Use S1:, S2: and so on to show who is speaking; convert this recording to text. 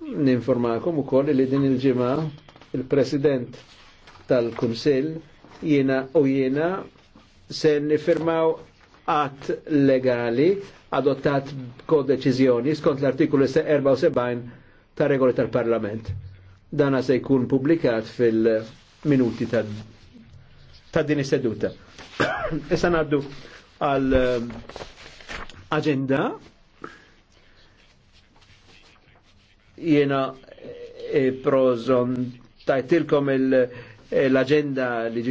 S1: ninformakom u koll li din il-ġimgħa il-President tal-Kunsill jiena u jiena se nifirmaw għat legali adottat kodeċizjoni skont l-artikolu 74 ta' regoli tal-Parlament. Dana se jkun publikat fil-minuti ta', ta din seduta. Issa naddu għal eh, agenda jena eh, eh, prozon tajtilkom eh, l-agenda li